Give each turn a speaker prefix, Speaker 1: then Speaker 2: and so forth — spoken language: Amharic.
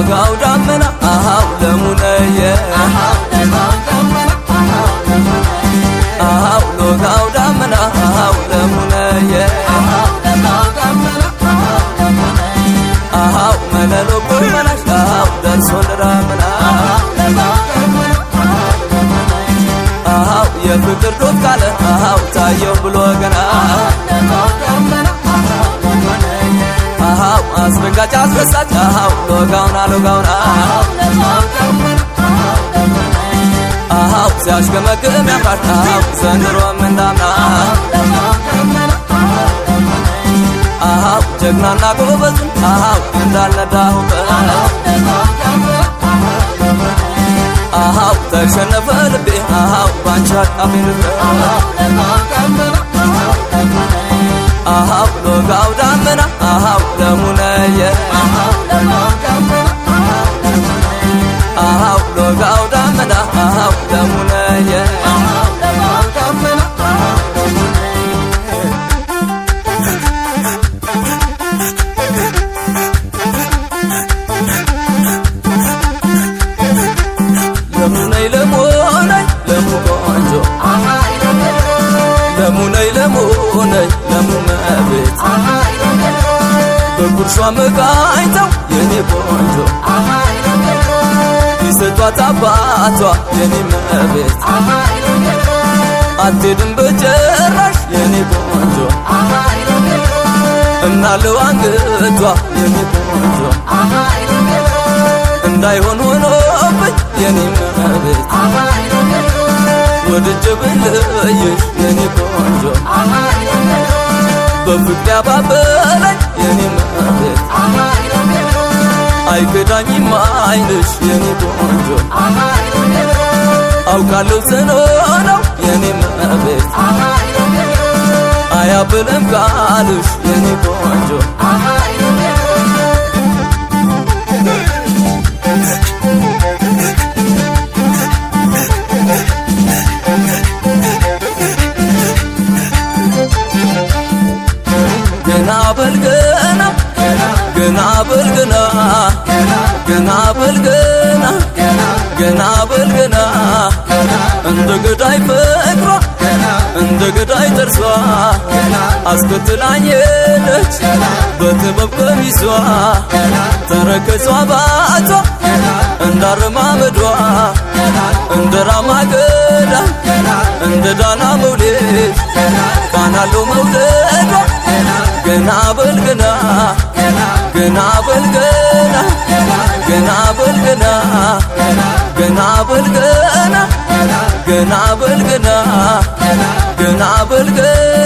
Speaker 1: ቦታው ዳመና አሃው ለሙነየ አሃው ሎጋው ዳመና አሃው ለሙነየ አሃው መለሎ ጎመናሽ አሃው ደርሶ ለዳመና አሃው የፍቅር ዶፍ ካለ አሃው ታየው ብሎ ገና አሃው አስፈንጋጭ አስደሳች! አሃው ሎጋውና ሎጋውና አሃው ሲያሽገመግም ያምራል አሃው ዘንድሮ ምንዳምና አሃው ጀግናና ጎበዙን አሃው እንዳልነዳሁበት አሃው ተሸነፈ ልቤ አሃው ባንቺ አቃፊ ልብ አሃው ሎጋው ዳመና አሃው ለሙነየ አሃው ሎጋው ዳመና አሃው ለሙነየ ለሙነይ ለሙነይ ለሙነይ በቁርሷ መቃኝተው የኔ ቆንጆ ይሰጧት አባቷ የኔ መቤት አትሄድም በጨራሽ የኔ ቆንጆ እና ለዋንግቷ የኔ ቆንጆ እንዳይሆን ሆኖብኝ የኔ መቤት ወድጄ ብልይሽ የኔ ቆንጆ በፍቅር ያባበለች የኔ መቤት አይከዳኝም አይንሽ የኔ ቆንጆ አውቃለሁ ጽኑ ነው የኔ መቤት አያብልም ቃልሽ የኔ ቆንጆ በልገና
Speaker 2: ገና በልገና
Speaker 1: ገና በልገና እንደ ገዳይ ፍቅሯ እንደ ገዳይ ደርሷ አስከትላኝ ሄደች በጥበብ ቀሚሷ ተረከዟ ባቷ እንዳረማመዷ እንደ ራማ ገዳ እንደ ዳና መውሌ ቃናሎ መውሌ በልግና ገና በልግና ገና በልግና ገና በልግና